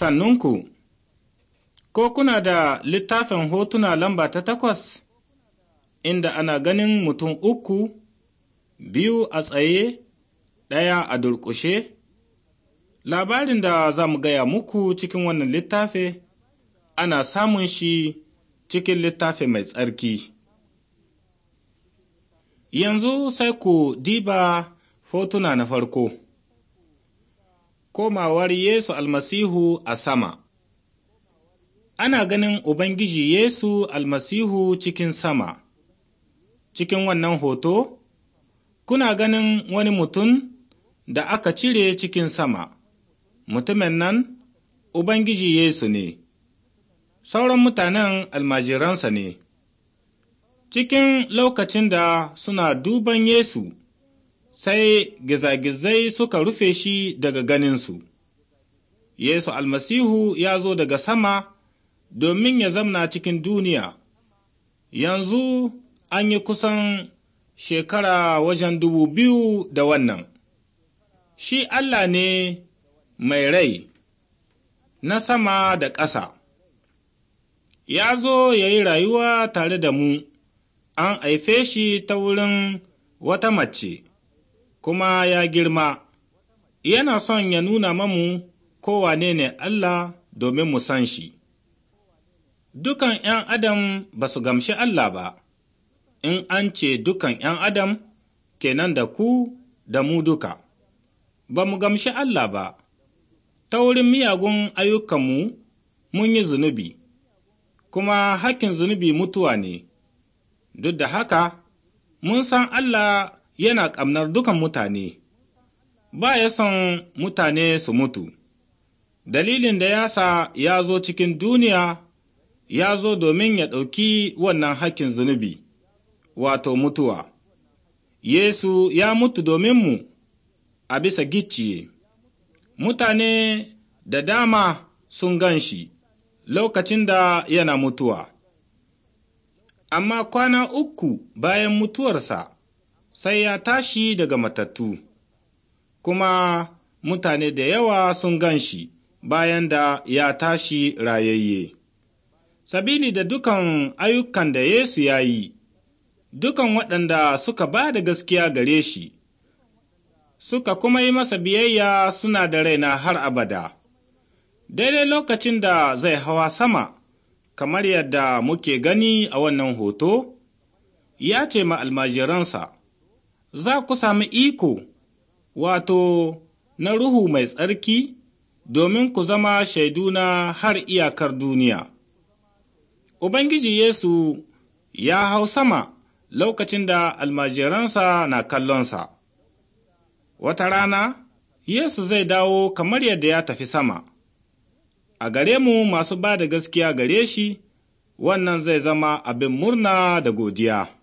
Sannunku, ko kuna da littafin hotuna lamba ta takwas, inda ana ganin mutum uku, biyu a tsaye, ɗaya a durƙushe? Labarin da za mu gaya muku cikin wannan littafi, ana samun shi cikin littafi mai tsarki. Yanzu sai ku diba hotuna na farko. komawar Yesu almasihu a sama. Ana ganin Ubangiji Yesu almasihu cikin sama. Cikin wannan hoto, kuna ganin wani mutum da aka cire cikin sama. Mutumin nan, Ubangiji Yesu ne, sauran mutanen almajiransa ne. Cikin lokacin da suna duban Yesu, sai gizagizai suka rufe shi daga ganinsu. Yesu almasihu ya zo daga sama domin ya zamna cikin duniya, yanzu an yi kusan shekara wajen dubu biyu da wannan. Shi Allah ne mai rai na sama da ƙasa, ya zo ya yi rayuwa tare da mu, an haife shi ta wurin wata mace. kuma ya girma, yana son ya nuna mamu kowane ne Allah domin mu san shi. Dukan ’yan Adam ba su gamshi Allah ba, in an ce dukan ’yan Adam kenan da ku da mu duka, ba mu gamshi Allah ba, ta wurin miyagun ayyukanmu mun yi zunubi, kuma hakkin zunubi mutuwa ne, duk da haka mun san Allah yana ƙamnar dukan mutane, ba ya son mutane su mutu. Dalilin da ya sa ya zo cikin duniya ya zo domin ya ɗauki wannan hakkin zunubi, wato mutuwa. Yesu ya mutu domin mu a bisa gicciye. Mutane da dama sun gan shi lokacin da yana mutuwa. Amma kwana uku bayan mutuwarsa, sai ya tashi daga matattu, kuma mutane da yawa sun gan shi bayan da ya tashi rayayye. Sabili da dukan ayyukan da Yesu ya yi, dukan waɗanda suka ba da gaskiya gare shi, suka kuma yi masa biyayya suna da raina har abada. Daidai lokacin da zai hawa sama, kamar yadda muke gani a wannan hoto, ya ce ma almajiransa, za ku sami iko, wato, na Ruhu mai tsarki, domin ku zama shaiduna har iyakar duniya. Ubangiji Yesu ya hau sama lokacin da almajiransa na kallonsa. Wata rana, Yesu zai dawo kamar yadda ya tafi sama. A gare mu masu ba da gaskiya gare shi, wannan zai zama abin murna da godiya.